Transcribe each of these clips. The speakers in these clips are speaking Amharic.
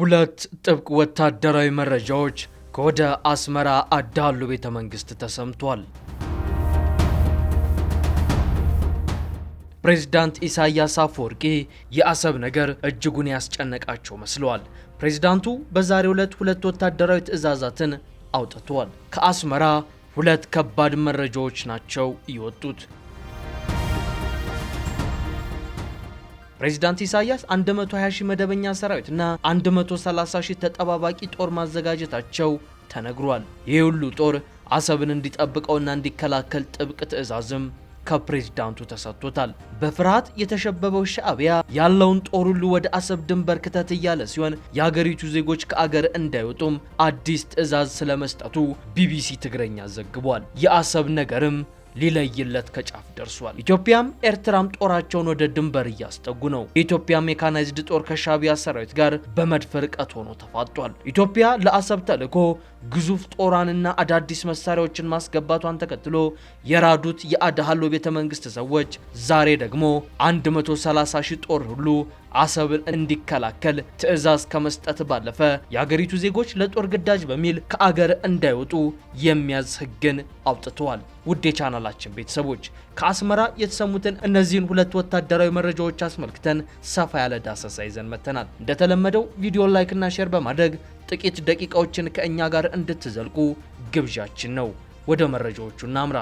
ሁለት ጥብቅ ወታደራዊ መረጃዎች ከወደ አስመራ አዳሉ ቤተ መንግስት ተሰምቷል። ፕሬዚዳንት ኢሳያስ አፈወርቂ የአሰብ ነገር እጅጉን ያስጨነቃቸው መስለዋል። ፕሬዚዳንቱ በዛሬው ዕለት ሁለት ወታደራዊ ትዕዛዛትን አውጥተዋል። ከአስመራ ሁለት ከባድ መረጃዎች ናቸው የወጡት። ፕሬዚዳንት ኢሳያስ 120 ሺህ መደበኛ ሰራዊት እና 130 ሺህ ተጠባባቂ ጦር ማዘጋጀታቸው ተነግሯል። ይህ ሁሉ ጦር አሰብን እንዲጠብቀውና እንዲከላከል ጥብቅ ትዕዛዝም ከፕሬዝዳንቱ ተሰጥቶታል። በፍርሃት የተሸበበው ሻዕቢያ ያለውን ጦር ሁሉ ወደ አሰብ ድንበር ክተት እያለ ሲሆን የአገሪቱ ዜጎች ከአገር እንዳይወጡም አዲስ ትዕዛዝ ስለመስጠቱ ቢቢሲ ትግረኛ ዘግቧል። የአሰብ ነገርም ሊለይለት ከጫፍ ደርሷል። ኢትዮጵያም ኤርትራም ጦራቸውን ወደ ድንበር እያስጠጉ ነው። የኢትዮጵያ ሜካናይዝድ ጦር ከሻቢያ ሰራዊት ጋር በመድፍ ርቀት ሆኖ ተፋጧል። ኢትዮጵያ ለአሰብ ተልዕኮ ግዙፍ ጦሯንና አዳዲስ መሳሪያዎችን ማስገባቷን ተከትሎ የራዱት የአድሃሎ ቤተ መንግስት ሰዎች ዛሬ ደግሞ 130 ሺህ ጦር ሁሉ አሰብን እንዲከላከል ትዕዛዝ ከመስጠት ባለፈ የአገሪቱ ዜጎች ለጦር ግዳጅ በሚል ከአገር እንዳይወጡ የሚያዝ ህግን አውጥተዋል። ውድ የቻናላችን ቤተሰቦች ከአስመራ የተሰሙትን እነዚህን ሁለት ወታደራዊ መረጃዎች አስመልክተን ሰፋ ያለ ዳሰሳ ይዘን መተናል። እንደተለመደው ቪዲዮን ላይክና ሼር በማድረግ ጥቂት ደቂቃዎችን ከእኛ ጋር እንድትዘልቁ ግብዣችን ነው። ወደ መረጃዎቹ እናምራ።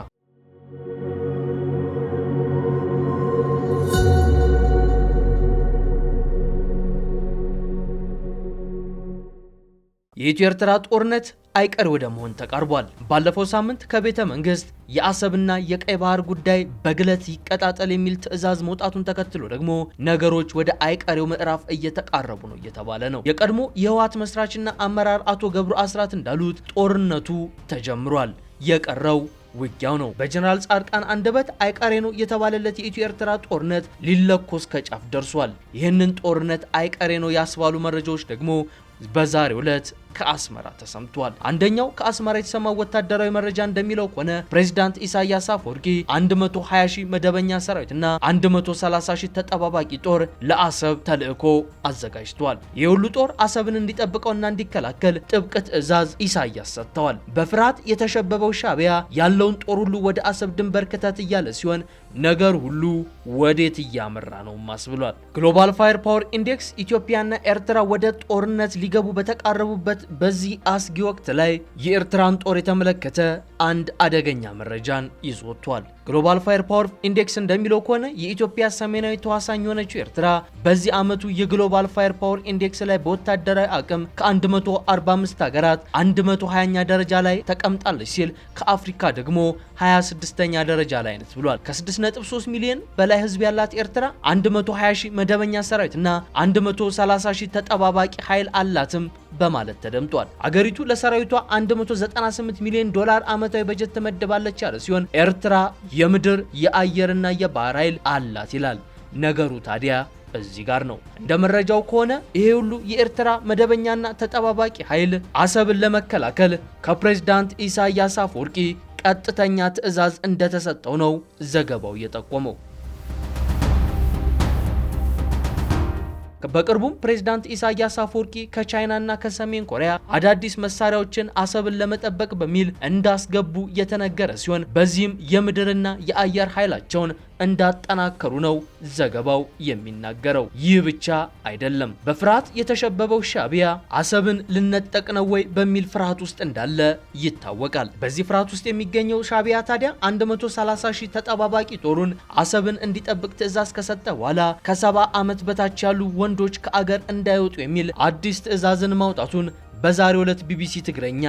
የኢትዮ ኤርትራ ጦርነት አይቀር ወደ መሆን ተቃርቧል። ባለፈው ሳምንት ከቤተ መንግስት የአሰብና የቀይ ባህር ጉዳይ በግለት ይቀጣጠል የሚል ትዕዛዝ መውጣቱን ተከትሎ ደግሞ ነገሮች ወደ አይቀሬው ምዕራፍ እየተቃረቡ ነው እየተባለ ነው። የቀድሞ የህወሓት መስራችና አመራር አቶ ገብሩ አስራት እንዳሉት ጦርነቱ ተጀምሯል፣ የቀረው ውጊያው ነው። በጀነራል ጻድቃን አንደበት አይቀሬ ነው የተባለለት የኢትዮ ኤርትራ ጦርነት ሊለኮስ ከጫፍ ደርሷል። ይህንን ጦርነት አይቀሬ ነው ያስባሉ መረጃዎች ደግሞ በዛሬው ዕለት ከአስመራ ተሰምቷል። አንደኛው ከአስመራ የተሰማው ወታደራዊ መረጃ እንደሚለው ከሆነ ፕሬዚዳንት ኢሳያስ አፈወርቂ 120 ሺህ መደበኛ ሰራዊትና 130 ሺህ ተጠባባቂ ጦር ለአሰብ ተልእኮ አዘጋጅቷል። ይህ ሁሉ ጦር አሰብን እንዲጠብቀውና እንዲከላከል ጥብቅ ትዕዛዝ ኢሳያስ ሰጥተዋል። በፍርሃት የተሸበበው ሻቢያ ያለውን ጦር ሁሉ ወደ አሰብ ድንበር ክተት እያለ ሲሆን ነገር ሁሉ ወዴት እያመራ ነው ማስብሏል። ግሎባል ፋየር ፓወር ኢንዴክስ ኢትዮጵያና ኤርትራ ወደ ጦርነት ሊገቡ በተቃረቡበት በዚህ አስጊ ወቅት ላይ የኤርትራን ጦር የተመለከተ አንድ አደገኛ መረጃን ይዞ ወጥቷል። ግሎባል ፋየር ፓወር ኢንዴክስ እንደሚለው ከሆነ የኢትዮጵያ ሰሜናዊ ተዋሳኝ የሆነችው ኤርትራ በዚህ ዓመቱ የግሎባል ፋየር ፓወር ኢንዴክስ ላይ በወታደራዊ አቅም ከ145 ሀገራት 120ኛ ደረጃ ላይ ተቀምጣለች ሲል ከአፍሪካ ደግሞ 26ኛ ደረጃ ላይ ነት ብሏል። ከ6.3 ሚሊዮን በላይ ህዝብ ያላት ኤርትራ 120 ሺህ መደበኛ ሰራዊትና 130 ሺህ ተጠባባቂ ኃይል አላትም በማለት ተደምጧል። አገሪቱ ለሰራዊቷ 198 ሚሊዮን ዶላር ዓመታዊ በጀት ተመደባለች ያለ ሲሆን ኤርትራ የምድር የአየርና የባህር ኃይል አላት ይላል። ነገሩ ታዲያ እዚህ ጋር ነው። እንደ መረጃው ከሆነ ይሄ ሁሉ የኤርትራ መደበኛና ተጠባባቂ ኃይል አሰብን ለመከላከል ከፕሬዝዳንት ኢሳያስ አፈወርቂ ቀጥተኛ ትዕዛዝ እንደተሰጠው ነው ዘገባው የጠቆመው። በቅርቡም ፕሬዝዳንት ኢሳያስ አፈወርቂ ከቻይናና ከሰሜን ኮሪያ አዳዲስ መሳሪያዎችን አሰብን ለመጠበቅ በሚል እንዳስገቡ የተነገረ ሲሆን በዚህም የምድርና የአየር ኃይላቸውን እንዳጠናከሩ ነው ዘገባው የሚናገረው። ይህ ብቻ አይደለም። በፍርሃት የተሸበበው ሻቢያ አሰብን ልነጠቅ ነው ወይ በሚል ፍርሃት ውስጥ እንዳለ ይታወቃል። በዚህ ፍርሃት ውስጥ የሚገኘው ሻቢያ ታዲያ 130 ሺህ ተጠባባቂ ጦሩን አሰብን እንዲጠብቅ ትዕዛዝ ከሰጠ በኋላ ከሰባ ዓመት በታች ያሉ ወንዶች ከአገር እንዳይወጡ የሚል አዲስ ትዕዛዝን ማውጣቱን በዛሬ ዕለት ቢቢሲ ትግረኛ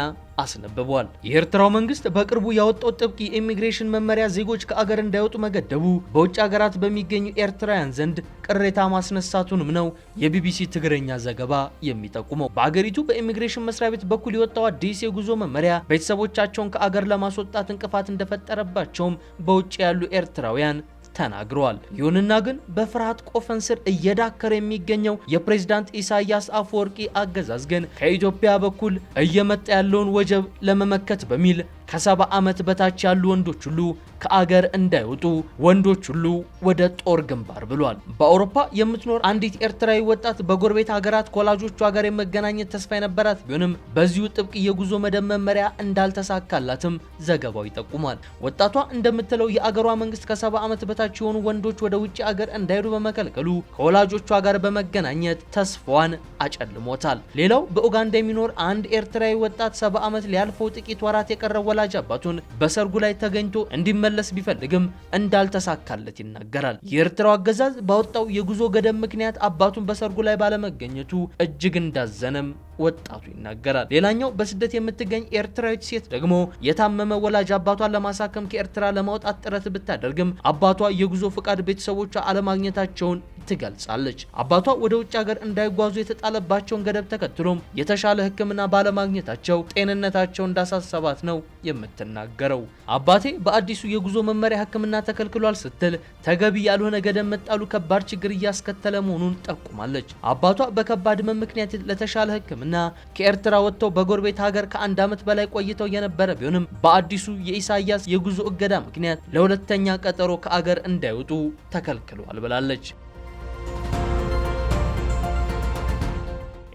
አስነብቧል። የኤርትራው መንግስት በቅርቡ ያወጣው ጥብቅ የኢሚግሬሽን መመሪያ ዜጎች ከአገር እንዳይወጡ መገደቡ በውጭ ሀገራት በሚገኙ ኤርትራውያን ዘንድ ቅሬታ ማስነሳቱንም ነው የቢቢሲ ትግረኛ ዘገባ የሚጠቁመው። በአገሪቱ በኢሚግሬሽን መስሪያ ቤት በኩል የወጣው አዲስ የጉዞ መመሪያ ቤተሰቦቻቸውን ከአገር ለማስወጣት እንቅፋት እንደፈጠረባቸውም በውጭ ያሉ ኤርትራውያን ተናግረዋል። ይሁንና ግን በፍርሃት ቆፈን ስር እየዳከረ የሚገኘው የፕሬዝዳንት ኢሳያስ አፈወርቂ አገዛዝ ግን ከኢትዮጵያ በኩል እየመጣ ያለውን ወጀብ ለመመከት በሚል ከሰባ ዓመት በታች ያሉ ወንዶች ሁሉ ከአገር እንዳይወጡ ወንዶች ሁሉ ወደ ጦር ግንባር ብሏል። በአውሮፓ የምትኖር አንዲት ኤርትራዊ ወጣት በጎረቤት ሀገራት ከወላጆቿ ጋር የመገናኘት ተስፋ የነበራት ቢሆንም በዚሁ ጥብቅ የጉዞ መደብ መመሪያ እንዳልተሳካላትም ዘገባው ይጠቁማል። ወጣቷ እንደምትለው የአገሯ መንግስት ከሰባ ዓመት በታች የሆኑ ወንዶች ወደ ውጭ አገር እንዳይሄዱ በመከልከሉ ከወላጆቿ ጋር በመገናኘት ተስፋዋን አጨልሞታል። ሌላው በኡጋንዳ የሚኖር አንድ ኤርትራዊ ወጣት ሰባ ዓመት ሊያልፈው ጥቂት ወራት የቀረው ወላጅ አባቱን በሰርጉ ላይ ተገኝቶ እንዲመለስ ቢፈልግም እንዳልተሳካለት ይናገራል። የኤርትራው አገዛዝ ባወጣው የጉዞ ገደብ ምክንያት አባቱን በሰርጉ ላይ ባለመገኘቱ እጅግ እንዳዘነም ወጣቱ ይናገራል። ሌላኛው በስደት የምትገኝ ኤርትራዊት ሴት ደግሞ የታመመ ወላጅ አባቷን ለማሳከም ከኤርትራ ለማውጣት ጥረት ብታደርግም አባቷ የጉዞ ፍቃድ ቤተሰቦቿ አለማግኘታቸውን ትገልጻለች። አባቷ ወደ ውጭ ሀገር እንዳይጓዙ የተጣለባቸውን ገደብ ተከትሎም የተሻለ ሕክምና ባለማግኘታቸው ጤንነታቸው እንዳሳሰባት ነው የምትናገረው። አባቴ በአዲሱ የጉዞ መመሪያ ሕክምና ተከልክሏል ስትል ተገቢ ያልሆነ ገደብ መጣሉ ከባድ ችግር እያስከተለ መሆኑን ጠቁማለች። አባቷ በከባድ ሕመም ምክንያት ለተሻለ ሕክምና እና ከኤርትራ ወጥተው በጎረቤት ሀገር ከአንድ ዓመት በላይ ቆይተው የነበረ ቢሆንም በአዲሱ የኢሳያስ የጉዞ እገዳ ምክንያት ለሁለተኛ ቀጠሮ ከአገር እንዳይወጡ ተከልክሏል ብላለች።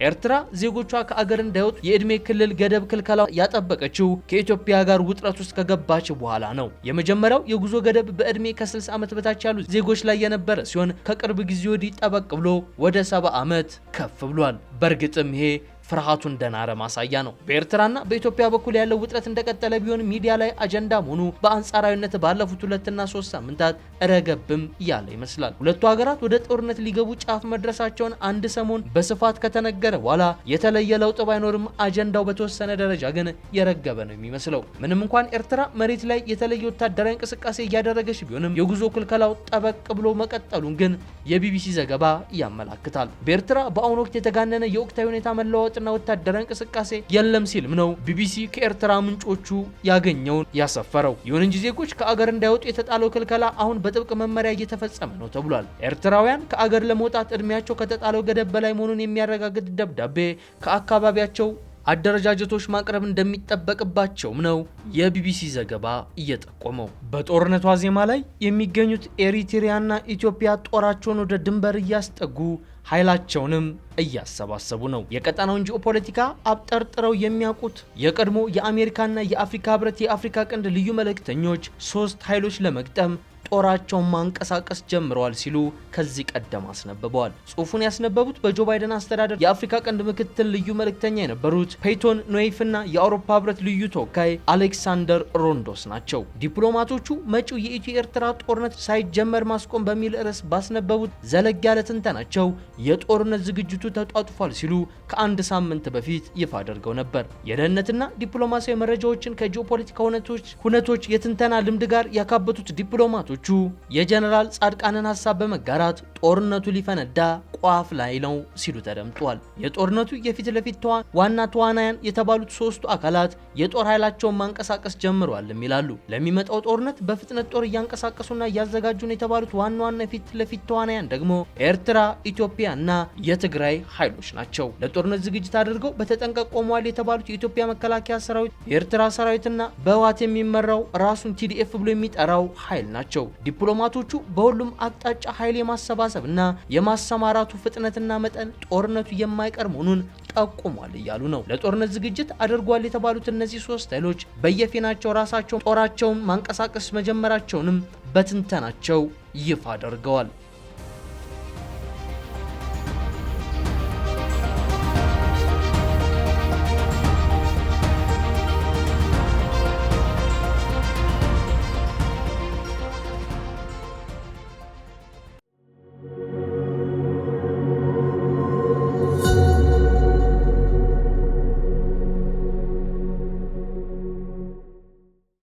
ኤርትራ ዜጎቿ ከአገር እንዳይወጡ የእድሜ ክልል ገደብ ክልከላ ያጠበቀችው ከኢትዮጵያ ጋር ውጥረት ውስጥ ከገባች በኋላ ነው። የመጀመሪያው የጉዞ ገደብ በእድሜ ከ60 ዓመት በታች ያሉ ዜጎች ላይ የነበረ ሲሆን ከቅርብ ጊዜ ወዲህ ጠበቅ ብሎ ወደ 70 ዓመት ከፍ ብሏል። በእርግጥም ይሄ ፍርሃቱ እንደናረ ማሳያ ነው። በኤርትራና በኢትዮጵያ በኩል ያለው ውጥረት እንደቀጠለ ቢሆን ሚዲያ ላይ አጀንዳ መሆኑ በአንጻራዊነት ባለፉት ሁለትና ሶስት ሳምንታት ረገብም እያለ ይመስላል። ሁለቱ ሀገራት ወደ ጦርነት ሊገቡ ጫፍ መድረሳቸውን አንድ ሰሞን በስፋት ከተነገረ በኋላ የተለየ ለውጥ ባይኖርም አጀንዳው በተወሰነ ደረጃ ግን የረገበ ነው የሚመስለው። ምንም እንኳን ኤርትራ መሬት ላይ የተለየ ወታደራዊ እንቅስቃሴ እያደረገች ቢሆንም የጉዞ ክልከላው ጠበቅ ብሎ መቀጠሉን ግን የቢቢሲ ዘገባ ያመላክታል። በኤርትራ በአሁኑ ወቅት የተጋነነ የወቅታዊ ሁኔታ መለዋወጥ ትጥቅና ወታደራዊ እንቅስቃሴ የለም ሲልም ነው ቢቢሲ ከኤርትራ ምንጮቹ ያገኘውን ያሰፈረው። ይሁን እንጂ ዜጎች ከአገር እንዳይወጡ የተጣለው ክልከላ አሁን በጥብቅ መመሪያ እየተፈጸመ ነው ተብሏል። ኤርትራውያን ከአገር ለመውጣት እድሜያቸው ከተጣለው ገደብ በላይ መሆኑን የሚያረጋግጥ ደብዳቤ ከአካባቢያቸው አደረጃጀቶች ማቅረብ እንደሚጠበቅባቸውም ነው የቢቢሲ ዘገባ እየጠቆመው። በጦርነቷ ዜማ ላይ የሚገኙት ኤሪትሪያና ኢትዮጵያ ጦራቸውን ወደ ድንበር እያስጠጉ ኃይላቸውንም እያሰባሰቡ ነው። የቀጠናውን ጂኦፖለቲካ አብጠርጥረው የሚያውቁት የቀድሞ የአሜሪካና የአፍሪካ ህብረት የአፍሪካ ቀንድ ልዩ መልእክተኞች ሶስት ኃይሎች ለመግጠም ጦራቸውን ማንቀሳቀስ ጀምረዋል ሲሉ ከዚህ ቀደም አስነብበዋል። ጽሁፉን ያስነበቡት በጆ ባይደን አስተዳደር የአፍሪካ ቀንድ ምክትል ልዩ መልእክተኛ የነበሩት ፔይቶን ኖይፍ የአውሮፓ ህብረት ልዩ ተወካይ አሌክሳንደር ሮንዶስ ናቸው። ዲፕሎማቶቹ መጪው የኢትዮ ኤርትራ ጦርነት ሳይጀመር ማስቆም በሚል ርዕስ ባስነበቡት ዘለግ ያለ ትንተናቸው የጦርነት ዝግጅቱ ተጧጥፏል ሲሉ ከአንድ ሳምንት በፊት ይፋ አድርገው ነበር። የደህንነትና ዲፕሎማሲያዊ መረጃዎችን ከጂኦፖለቲካ ሁነቶች ሁነቶች የትንተና ልምድ ጋር ያካበቱት ዲፕሎማቶች ተቃዋሚዎቹ የጀነራል ጻድቃንን ሀሳብ በመጋራት ጦርነቱ ሊፈነዳ ቋፍ ላይ ነው ሲሉ ተደምጧል። የጦርነቱ የፊት ለፊት ዋና ተዋናያን የተባሉት ሶስቱ አካላት የጦር ኃይላቸውን ማንቀሳቀስ ጀምረዋልም ይላሉ። ለሚመጣው ጦርነት በፍጥነት ጦር እያንቀሳቀሱና እያዘጋጁን የተባሉት ዋና ዋና የፊት ለፊት ተዋናያን ደግሞ ኤርትራ፣ ኢትዮጵያ እና የትግራይ ኃይሎች ናቸው። ለጦርነት ዝግጅት አድርገው በተጠንቀቅ ቆመዋል የተባሉት የኢትዮጵያ መከላከያ ሰራዊት፣ የኤርትራ ሰራዊትና በህወሓት የሚመራው ራሱን ቲዲኤፍ ብሎ የሚጠራው ኃይል ናቸው። ዲፕሎማቶቹ በሁሉም አቅጣጫ ኃይል የማሰባሰብ እና የማሰማራቱ ፍጥነትና መጠን ጦርነቱ የማይቀር መሆኑን ጠቁሟል እያሉ ነው። ለጦርነት ዝግጅት አድርጓል የተባሉት እነዚህ ሶስት ኃይሎች በየፊናቸው ራሳቸውን ጦራቸውን ማንቀሳቀስ መጀመራቸውንም በትንተናቸው ይፋ አድርገዋል።